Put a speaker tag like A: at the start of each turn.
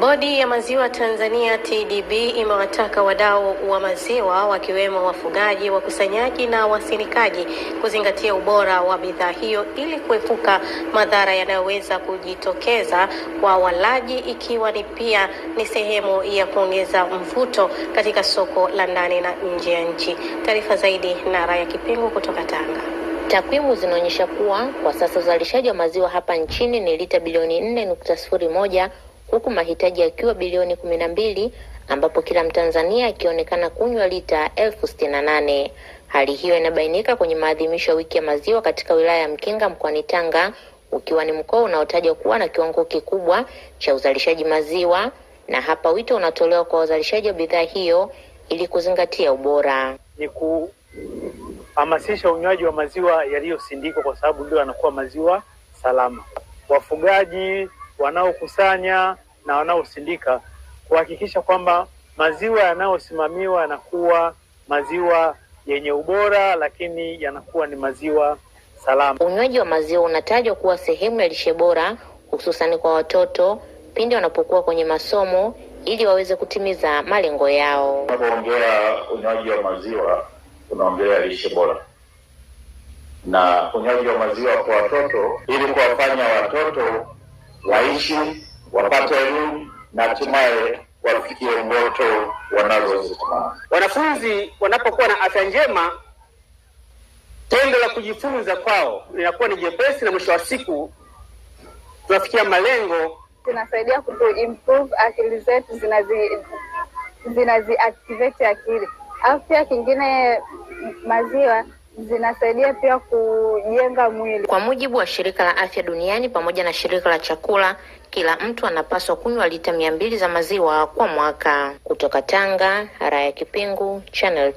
A: Bodi ya Maziwa Tanzania TDB imewataka wadau wa maziwa wakiwemo wafugaji, wakusanyaji na wasindikaji kuzingatia ubora wa bidhaa hiyo ili kuepuka madhara yanayoweza kujitokeza kwa walaji, ikiwa ni pia ni sehemu ya kuongeza mvuto katika soko la ndani na nje ya nchi. Taarifa zaidi na Raya Kipingu kutoka Tanga.
B: Takwimu zinaonyesha kuwa kwa sasa uzalishaji wa maziwa hapa nchini ni lita bilioni 4.01 huku mahitaji yakiwa bilioni kumi na mbili ambapo kila Mtanzania akionekana kunywa lita elfu sitini na nane. Hali hiyo inabainika kwenye maadhimisho ya wiki ya maziwa katika wilaya ya Mkinga mkoani Tanga, ukiwa ni mkoa unaotajwa kuwa na kiwango kikubwa cha uzalishaji maziwa, na hapa wito unatolewa kwa wazalishaji wa bidhaa hiyo ili kuzingatia ubora.
C: Ni kuhamasisha unywaji wa maziwa yaliyosindikwa, kwa sababu ndio yanakuwa maziwa salama. Wafugaji wanaokusanya na wanaosindika kuhakikisha kwamba maziwa yanayosimamiwa yanakuwa maziwa yenye ubora, lakini yanakuwa ni maziwa salama.
B: Unywaji wa maziwa unatajwa kuwa sehemu ya lishe bora, hususani kwa watoto pindi wanapokuwa kwenye masomo ili waweze kutimiza malengo yao.
D: Unapoongea unywaji wa maziwa, unaongelea lishe bora na unywaji wa maziwa kwa watoto, ili kuwafanya watoto waishi, wapate elimu na hatimaye wafikie ndoto wanazozitamani.
E: Wanafunzi wanapokuwa na afya njema, tendo la kujifunza kwao linakuwa ni jepesi, na mwisho wa siku tunafikia malengo.
F: Zinasaidia kuimprove akili zetu, zinazi akili. Afya kingine maziwa zinasaidia pia kujenga mwili.
B: Kwa mujibu wa shirika la afya duniani pamoja na shirika la chakula, kila mtu anapaswa kunywa lita mia mbili za maziwa kwa mwaka. Kutoka Tanga, Raya Kipingu, Channel 10.